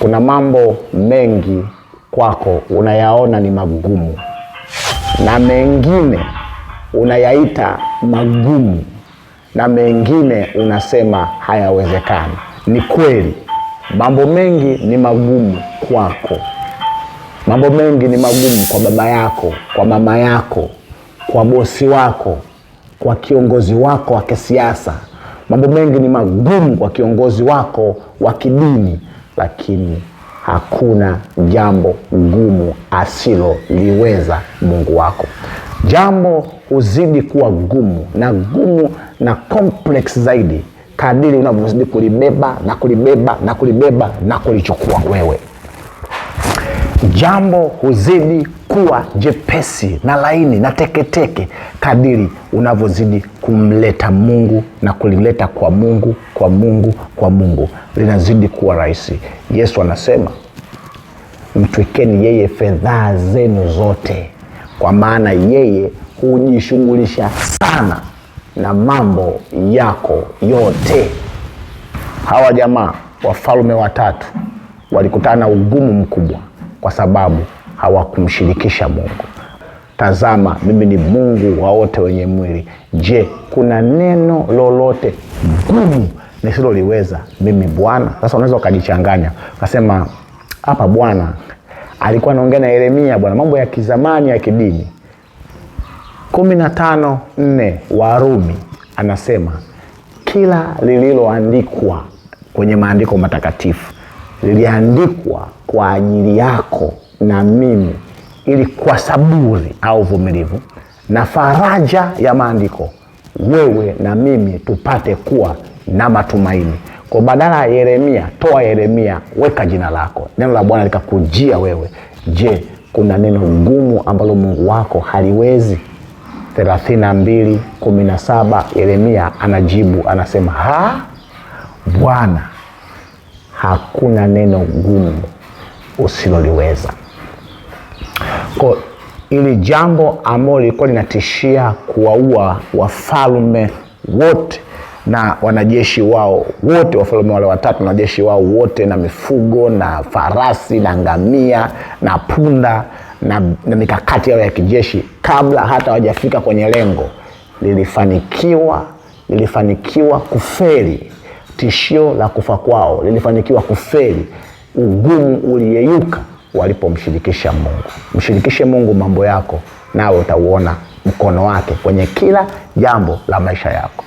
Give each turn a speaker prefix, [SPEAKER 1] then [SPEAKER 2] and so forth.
[SPEAKER 1] Kuna mambo mengi kwako unayaona ni magumu na mengine unayaita magumu na mengine unasema hayawezekani. Ni kweli mambo mengi ni magumu kwako, mambo mengi ni magumu kwa baba yako, kwa mama yako, kwa bosi wako, kwa kiongozi wako wa kisiasa. Mambo mengi ni magumu kwa kiongozi wako wa kidini lakini hakuna jambo gumu asiloliweza Mungu wako. Jambo huzidi kuwa gumu na gumu na complex zaidi kadiri unavyozidi kulibeba na kulibeba na kulibeba na kulichukua wewe jambo huzidi kuwa jepesi na laini na teketeke kadiri unavyozidi kumleta Mungu na kulileta kwa Mungu, kwa Mungu, kwa Mungu, linazidi kuwa rahisi. Yesu anasema mtwikeni yeye fedhaa zenu zote, kwa maana yeye hujishughulisha sana na mambo yako yote. Hawa jamaa wafalume watatu walikutana na ugumu mkubwa kwa sababu hawakumshirikisha Mungu. Tazama, mimi ni Mungu wa wote wenye mwili. Je, kuna neno lolote gumu nisiloliweza mimi Bwana? Sasa unaweza ukajichanganya ukasema, hapa Bwana alikuwa anaongea na Yeremia, bwana mambo ya kizamani ya kidini. kumi na tano nne Warumi anasema kila lililoandikwa kwenye maandiko matakatifu liliandikwa kwa ajili yako na mimi, ili kwa saburi au uvumilivu na faraja ya maandiko wewe na mimi tupate kuwa na matumaini. Kwa badala ya Yeremia, toa Yeremia, weka jina lako. Neno la Bwana likakujia wewe. Je, kuna neno gumu ambalo Mungu wako haliwezi? 32:17 Yeremia anajibu anasema, ha Bwana hakuna neno gumu usiloliweza. Kwa ili jambo ambalo lilikuwa linatishia kuwaua wafalme wote na wanajeshi wao wote, wafalme wale watatu na wanajeshi wao wote, na mifugo na farasi na ngamia na punda na, na mikakati yao ya kijeshi, kabla hata hawajafika kwenye lengo, lilifanikiwa lilifanikiwa kufeli tishio la kufa kwao lilifanikiwa kufeli, ugumu uliyeyuka walipomshirikisha Mungu. Mshirikishe Mungu mambo yako, nawe utauona mkono wake kwenye kila jambo la maisha yako.